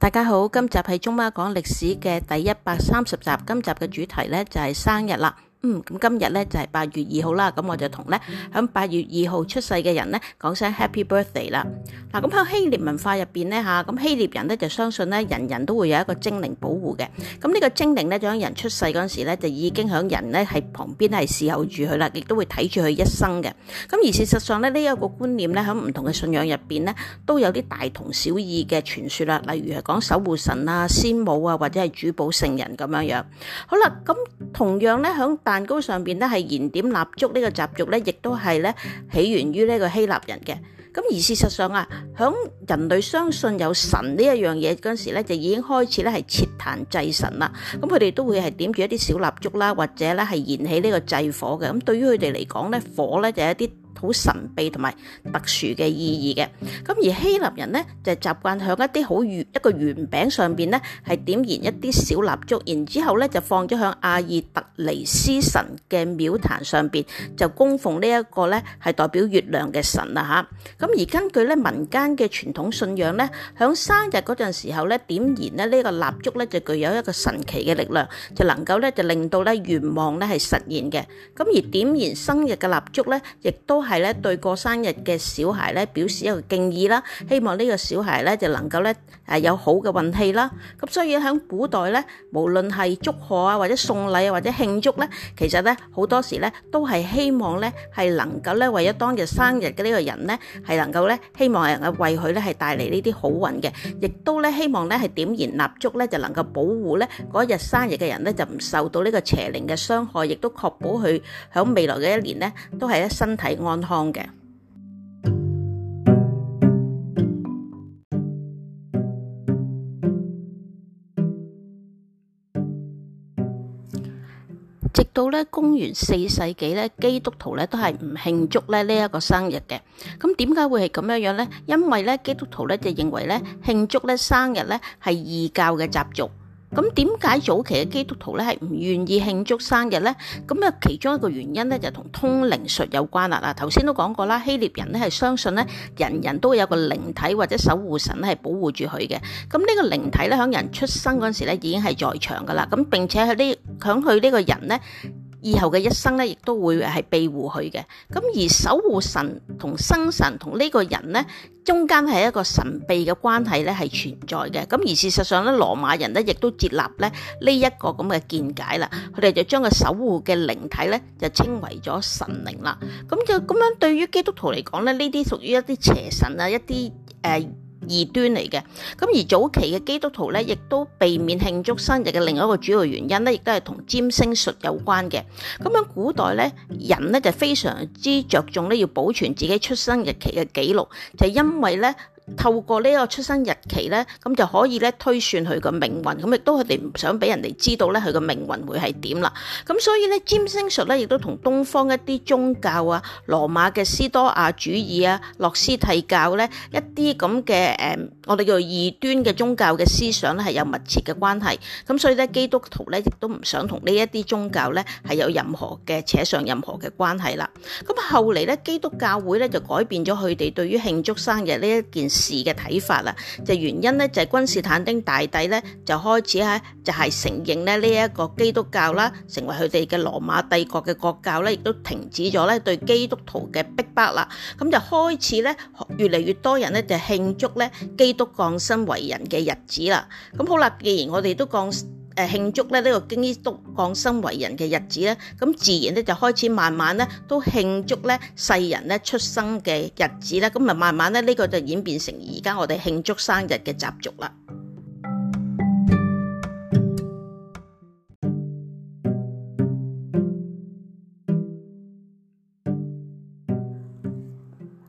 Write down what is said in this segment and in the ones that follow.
大家好，今集係中華講歷史嘅第一百三十集。今集嘅主題呢，就係生日啦。嗯，咁今日咧就係八月二號啦，咁我就同咧響八月二號出世嘅人咧講聲 Happy Birthday 啦。嗱，咁喺希臘文化入邊咧吓，咁希臘人咧就相信咧人人都會有一個精靈保護嘅。咁呢個精靈咧，就喺人出世嗰陣時咧就已經響人咧係旁邊係侍候住佢啦，亦都會睇住佢一生嘅。咁而事實上咧，呢一個觀念咧響唔同嘅信仰入邊咧都有啲大同小異嘅傳說啦，例如係講守護神啊、先母啊或者係主保聖人咁樣樣。好啦，咁同樣咧響。蛋糕上邊咧係燃點蠟燭呢個習俗咧，亦都係咧起源於呢個希臘人嘅。咁而事實上啊，響人類相信有神呢一樣嘢嗰陣時咧，就已經開始咧係設壇祭神啦。咁佢哋都會係點住一啲小蠟燭啦，或者咧係燃起呢個祭火嘅。咁對於佢哋嚟講咧，火咧就係一啲好神秘同埋特殊嘅意義嘅，咁而希臘人咧就習慣響一啲好圓一個圓餅上邊咧，係點燃一啲小蠟燭，然之後咧就放咗響阿爾特尼斯神嘅廟壇上邊就供奉呢一個咧係代表月亮嘅神啦吓，咁、啊、而根據咧民間嘅傳統信仰咧，響生日嗰陣時候咧點燃咧呢個蠟燭咧就具有一個神奇嘅力量，就能夠咧就令到咧願望咧係實現嘅。咁、啊、而點燃生日嘅蠟燭咧，亦都係。係咧對過生日嘅小孩咧表示一個敬意啦，希望呢個小孩咧就能夠咧誒有好嘅運氣啦。咁所以喺古代咧，無論係祝賀啊，或者送禮啊，或者慶祝咧，其實咧好多時咧都係希望咧係能夠咧為咗當日生日嘅呢個人咧係能夠咧希望係能夠為佢咧係帶嚟呢啲好運嘅，亦都咧希望咧係點燃蠟燭咧就能夠保護咧嗰日生日嘅人咧就唔受到呢個邪靈嘅傷害，亦都確保佢響未來嘅一年咧都係咧身體安。康嘅，直到咧公元四世紀咧，基督徒咧都係唔慶祝咧呢一個生日嘅。咁點解會係咁樣樣呢？因為咧基督徒咧就認為咧慶祝咧生日咧係異教嘅習俗。咁點解早期嘅基督徒咧係唔願意慶祝生日呢？咁咧其中一個原因咧就同通靈術有關啦。嗱，頭先都講過啦，希臘人咧係相信咧人人都有個靈體或者守護神咧係保護住佢嘅。咁呢個靈體咧喺人出生嗰陣時咧已經係在場噶啦。咁並且佢呢喺佢呢個人咧。以後嘅一生咧，亦都會係庇護佢嘅。咁而守護神同生神同呢個人咧，中間係一個神秘嘅關係咧，係存在嘅。咁而事實上咧，羅馬人咧亦都接納咧呢一個咁嘅見解啦。佢哋就將個守護嘅靈體咧，就稱為咗神靈啦。咁就咁樣，對於基督徒嚟講咧，呢啲屬於一啲邪神啊，一啲誒，呃異端嚟嘅，咁而早期嘅基督徒咧，亦都避免慶祝生日嘅另一個主要原因咧，亦都係同占星術有關嘅。咁喺古代咧，人咧就非常之着重咧要保存自己出生日期嘅記錄，就係因為咧。透過呢個出生日期咧，咁就可以咧推算佢個命運，咁亦都佢哋唔想俾人哋知道咧佢個命運會係點啦。咁所以咧，占星術咧亦都同東方一啲宗教啊，羅馬嘅斯多亞主義啊、諾斯替教咧一啲咁嘅誒，我哋叫異端嘅宗教嘅思想咧係有密切嘅關係。咁所以咧，基督徒咧亦都唔想同呢一啲宗教咧係有任何嘅扯上任何嘅關係啦。咁後嚟咧，基督教會咧就改變咗佢哋對於慶祝生日呢一件事事嘅睇法啦，就原因咧就係君士坦丁大帝咧就開始喺就係承認咧呢一個基督教啦，成為佢哋嘅羅馬帝國嘅國教咧，亦都停止咗咧對基督徒嘅逼迫啦，咁就開始咧越嚟越多人咧就慶祝咧基督降生為人嘅日子啦，咁好啦，既然我哋都降。誒慶祝呢個基督降生為人嘅日子呢，咁自然呢，就開始慢慢呢都慶祝呢世人呢出生嘅日子呢，咁咪慢慢呢，呢個就演變成而家我哋慶祝生日嘅習俗啦。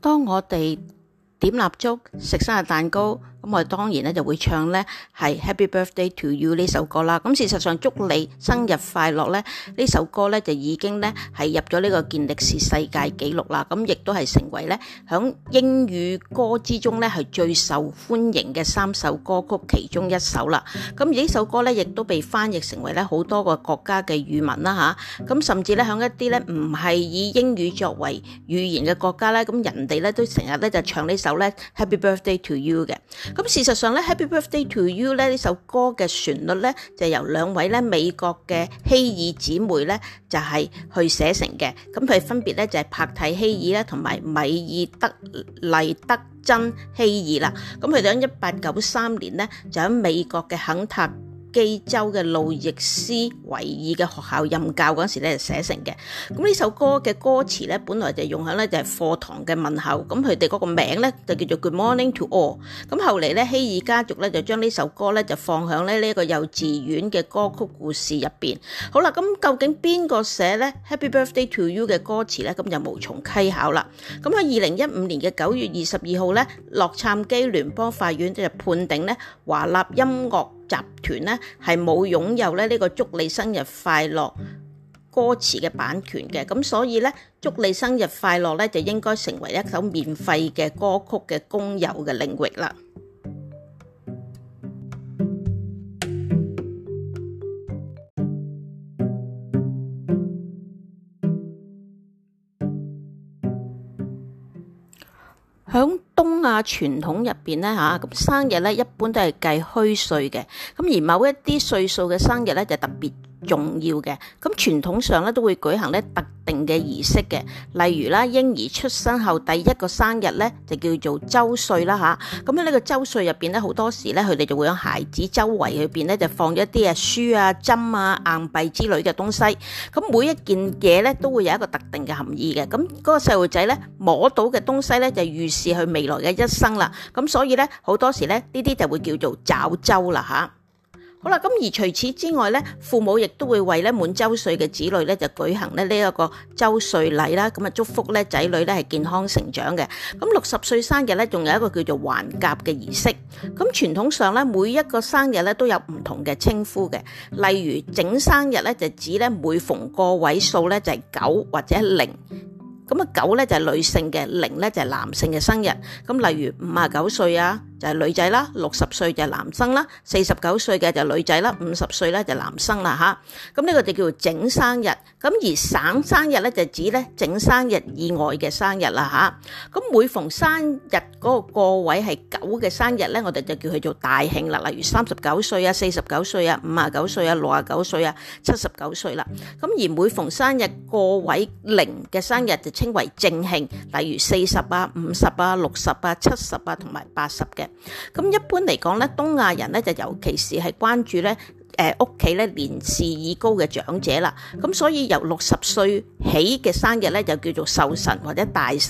當我哋點蠟燭、食生日蛋糕。咁我當然咧就會唱咧係《Happy Birthday to You》呢首歌啦。咁事實上祝你生日快樂咧，呢首歌咧就已經咧係入咗呢個健力士世界紀錄啦。咁亦都係成為咧響英語歌之中咧係最受歡迎嘅三首歌曲其中一首啦。咁而呢首歌咧亦都被翻譯成為咧好多個國家嘅語文啦吓，咁甚至咧響一啲咧唔係以英語作為語言嘅國家咧，咁人哋咧都成日咧就唱呢首咧《Happy Birthday to You》嘅。事實上，《Happy Birthday to You》咧呢首歌嘅旋律呢，就由兩位美國嘅希爾姊妹呢，就係去寫成嘅。咁佢分別咧就係帕蒂·希爾同埋米爾德麗德·珍·希爾啦。咁佢哋喺一八九三年咧就喺美國嘅肯塔基州嘅路易斯維爾嘅學校任教嗰時咧，寫成嘅。咁呢首歌嘅歌詞咧，本來就用喺咧就係課堂嘅問候。咁佢哋嗰個名咧就叫做 Good Morning to All。咁後嚟咧希爾家族咧就將呢首歌咧就放喺咧呢一個幼稚園嘅歌曲故事入邊。好啦，咁究竟邊個寫咧 Happy Birthday to You 嘅歌詞咧？咁就無從稽考啦。咁喺二零一五年嘅九月二十二號咧，洛杉磯聯邦法院就判定咧華納音樂。集團呢係冇擁有呢呢個祝你生日快樂歌詞嘅版權嘅，咁所以呢祝你生日快樂呢就應該成為一首免費嘅歌曲嘅公有嘅領域啦。響，傳統入邊咧吓，咁生日咧一般都係計虛歲嘅，咁而某一啲歲數嘅生日咧就特別重要嘅，咁傳統上咧都會舉行咧特定嘅儀式嘅，例如啦，嬰兒出生後第一個生日咧就叫做周歲啦吓，咁喺呢個周歲入邊咧，好多時咧佢哋就會喺孩子周圍裏面咧就放一啲啊書啊針啊硬幣之類嘅東西。咁每一件嘢咧都會有一個特定嘅含義嘅。咁、那、嗰個細路仔咧摸到嘅東西咧就預示佢未來嘅一生啦。咁所以咧好多時咧呢啲就會叫做找周啦吓。好啦，咁而除此之外咧，父母亦都會為咧滿週歲嘅子女咧就舉行咧呢一個週歲禮啦，咁啊祝福咧仔女咧係健康成長嘅。咁六十歲生日咧，仲有一個叫做還甲嘅儀式。咁傳統上咧，每一個生日咧都有唔同嘅稱呼嘅，例如整生日咧就指咧每逢個位數咧就係九或者零。咁啊九咧就係女性嘅，零咧就係男性嘅生日。咁例如五啊九歲啊。就係、是、女仔啦，六十歲就係男生啦，四十九歲嘅就係女仔啦，五十歲咧就係男生啦吓，咁、這、呢個就叫做整生日。咁而省生日咧就指咧整生日以外嘅生日啦吓，咁每逢生日嗰個個位係九嘅生日咧，我哋就叫佢做大慶啦。例如三十九歲啊、四十九歲啊、五啊九歲啊、六啊九歲啊、七十九歲啦。咁而每逢生日個位零嘅生日就稱為正慶，例如四十啊、五十啊、六十啊、七十啊同埋八十嘅。咁一般嚟講咧，東亞人咧就尤其是係關注咧，誒屋企咧年事已高嘅長者啦。咁所以由六十歲起嘅生日咧就叫做壽辰或者大壽。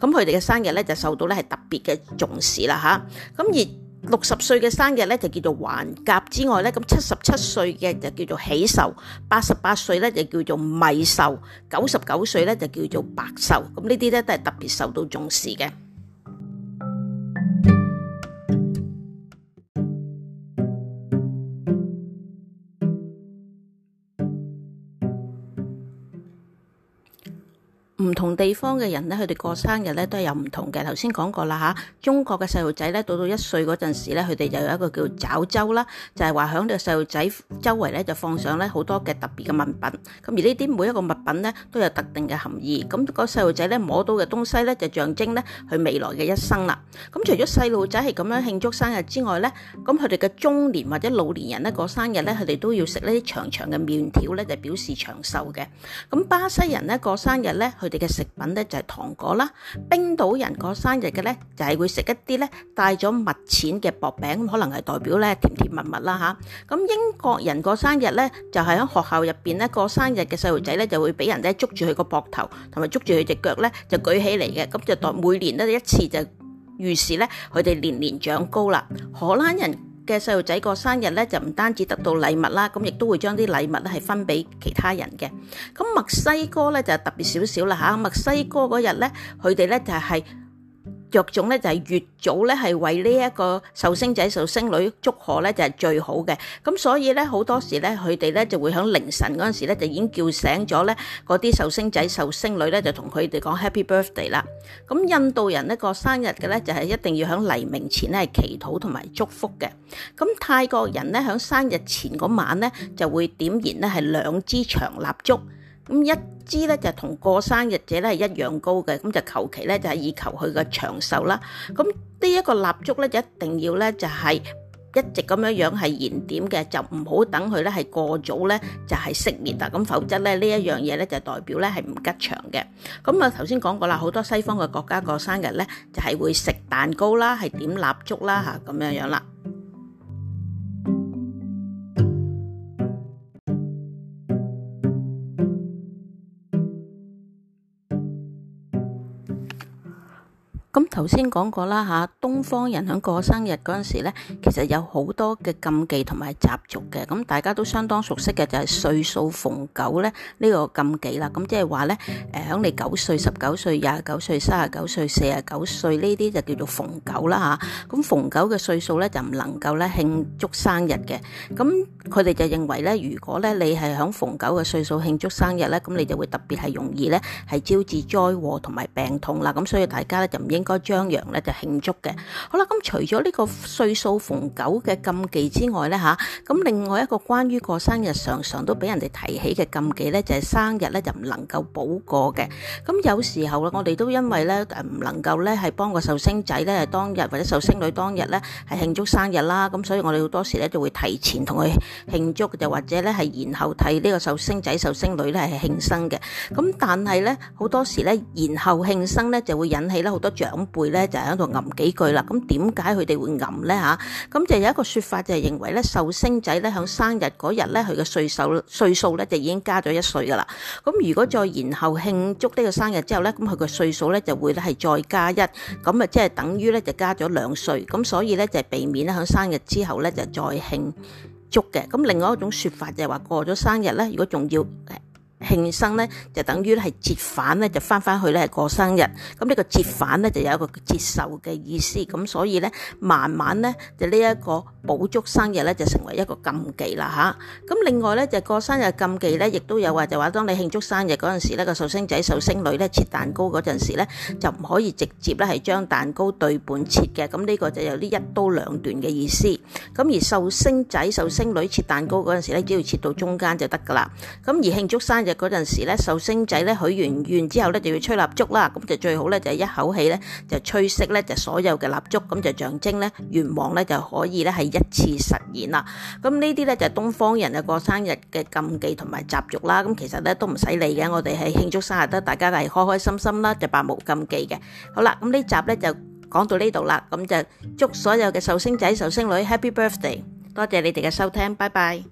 咁佢哋嘅生日咧就受到咧係特別嘅重視啦吓。咁而六十歲嘅生日咧就叫做還甲之外咧，咁七十七歲嘅就叫做喜壽，八十八歲咧就叫做米壽，九十九歲咧就叫做白壽。咁呢啲咧都係特別受到重視嘅。唔同地方嘅人咧，佢哋過生日咧都係有唔同嘅。頭先講過啦嚇，中國嘅細路仔咧，到到一歲嗰陣時咧，佢哋就有一個叫抓周啦，就係話喺個細路仔周圍咧就放上咧好多嘅特別嘅物品。咁而呢啲每一個物品咧都有特定嘅含義。咁個細路仔咧摸到嘅東西咧就象徵咧佢未來嘅一生啦。咁除咗細路仔係咁樣慶祝生日之外咧，咁佢哋嘅中年或者老年人咧過生日咧，佢哋都要食呢啲長長嘅麵條咧，就表示長壽嘅。咁巴西人咧過生日咧，佢哋嘅食品咧就係糖果啦，冰島人過生日嘅咧就係會食一啲咧帶咗蜜餞嘅薄餅，可能係代表咧甜甜蜜蜜啦吓。咁英國人過生日咧就係喺學校入邊咧過生日嘅細路仔咧就會俾人咧捉住佢個膊頭同埋捉住佢隻腳咧就舉起嚟嘅。咁就當每年得一次就預示咧佢哋年年長高啦。荷蘭人嘅細路仔過生日咧，就唔單止得到禮物啦，咁亦都會將啲禮物咧係分俾其他人嘅。咁墨西哥咧就特別少少啦嚇，墨西哥嗰日咧佢哋咧就係。藥種咧就係越早咧係為呢一個壽星仔、壽星女祝賀咧就係最好嘅。咁所以咧好多時咧佢哋咧就會響凌晨嗰陣時咧就已經叫醒咗咧嗰啲壽星仔、壽星女咧就同佢哋講 Happy Birthday 啦。咁印度人咧個生日嘅咧就係一定要響黎明前咧係祈禱同埋祝福嘅。咁泰國人咧喺生日前嗰晚咧就會點燃咧係兩支長蠟燭。咁一支咧就同過生日者咧係一樣高嘅，咁就求其咧就係以求佢嘅長壽啦。咁呢一個蠟燭咧就一定要咧就係一直咁樣樣係燃點嘅，就唔好等佢咧係過早咧就係熄滅啦。咁否則咧呢一樣嘢咧就代表咧係唔吉祥嘅。咁我頭先講過啦，好多西方嘅國家過生日咧就係會食蛋糕啦，係點蠟燭啦吓咁樣樣啦。咁頭先講過啦嚇，東方人響過生日嗰陣時咧，其實有好多嘅禁忌同埋習俗嘅。咁大家都相當熟悉嘅就係歲數逢九咧呢個禁忌啦。咁即係話咧，誒響你九歲、十九歲、廿九歲、三十九歲、四十九歲呢啲就叫做逢九啦嚇。咁逢九嘅歲數咧就唔能夠咧慶祝生日嘅。咁佢哋就認為咧，如果咧你係響逢九嘅歲數慶祝生日咧，咁你就會特別係容易咧係招致災禍同埋病痛啦。咁所以大家咧就唔應，應該張揚咧就慶祝嘅，好啦，咁、嗯、除咗呢個歲數逢九嘅禁忌之外咧吓，咁、啊、另外一個關於過生日常常都俾人哋提起嘅禁忌咧就係、是、生日咧就唔能夠補過嘅，咁、嗯、有時候咧我哋都因為咧唔能夠咧係幫個壽星仔咧當日或者壽星女當日咧係慶祝生日啦，咁、嗯、所以我哋好多時咧就會提前同佢慶祝，就或者咧係延後睇呢個壽星仔壽星女咧係慶生嘅，咁、嗯、但係咧好多時咧延後慶生咧就會引起咧好多著。咁背咧就喺度吟幾句啦。咁點解佢哋會吟咧吓？咁就有一個說法就係認為咧，壽星仔咧喺生日嗰日咧，佢嘅歲數歲數咧就已經加咗一歲噶啦。咁如果再然後慶祝呢個生日之後咧，咁佢個歲數咧就會咧係再加一。咁啊，即係等於咧就加咗兩歲。咁所以咧就係避免咧喺生日之後咧就再慶祝嘅。另外一種說法就係話過咗生日咧，如果仲要。慶生咧就等於係折返咧，就返返去咧係過生日。咁呢個折返咧就有一個接受嘅意思。咁所以咧，慢慢咧就呢一個補足生日咧就成為一個禁忌啦吓，咁另外咧就過生日禁忌咧，亦都有話就話，當你慶祝生日嗰陣時咧，個壽星仔、壽星女咧切蛋糕嗰陣時咧，就唔可以直接咧係將蛋糕對半切嘅。咁呢個就有呢一刀兩斷嘅意思。咁而壽星仔、壽星女切蛋糕嗰陣時咧，只要切到中間就得㗎啦。咁而慶祝生日。嗰陣時咧，壽星仔咧許完願之後咧，就要吹蠟燭啦。咁就最好咧，就係一口氣咧就吹熄咧就所有嘅蠟燭，咁就象徵咧願望咧就可以咧係一次實現啦。咁呢啲咧就係東方人嘅過生日嘅禁忌同埋習俗啦。咁其實咧都唔使理嘅，我哋係慶祝生日得，大家係開開心心啦，就百無禁忌嘅。好啦，咁呢集咧就講到呢度啦。咁就祝所有嘅壽星仔、壽星女 Happy Birthday！多謝你哋嘅收聽，拜拜。